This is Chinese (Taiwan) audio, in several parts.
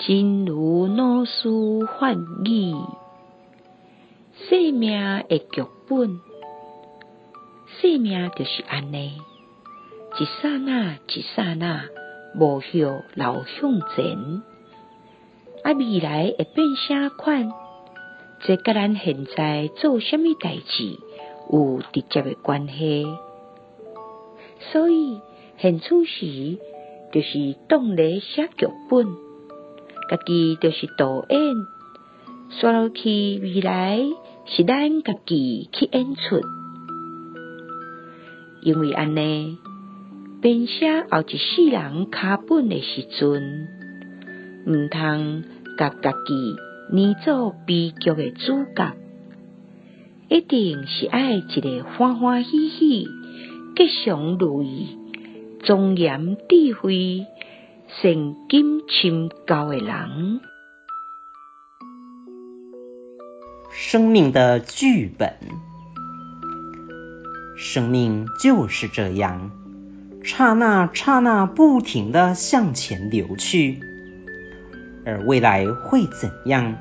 真如老師法語，生命誒劇本，生命著是安尼，一剎那一剎那，無向老向前，啊！未來會變啥款？這甲咱現在做蝦米代誌有直接誒關係，所以現此時著、就是動力寫劇本。家己就是導演，選落去未來是咱家己去演出。因為安尼，編寫後一世人腳本誒時陣，唔通家家己捏造悲劇誒主角，一定是愛一個歡歡喜喜、吉祥如意、莊嚴智慧、成金深教的人，生命的劇本。生命就是這樣，剎那剎那不停地向前流去，而未來會怎樣，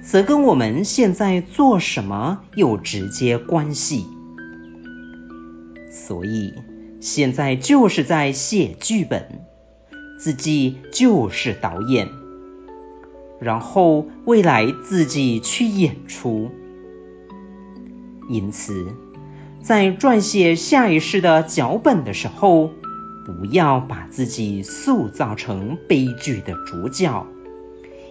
則跟我們現在做什麼有直接關係，所以現在就是在寫劇本。自己就是導演，然後未來自己去演出。因此，在撰寫下一世的腳本的時候，不要把自己塑造成悲劇的主角，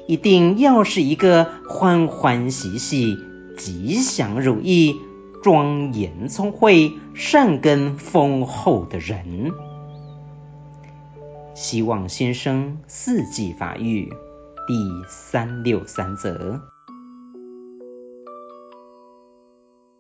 一定要是一個歡歡喜喜、吉祥如意、莊嚴聰慧、善根豐厚的人。希望新生四季法語，第三六三則。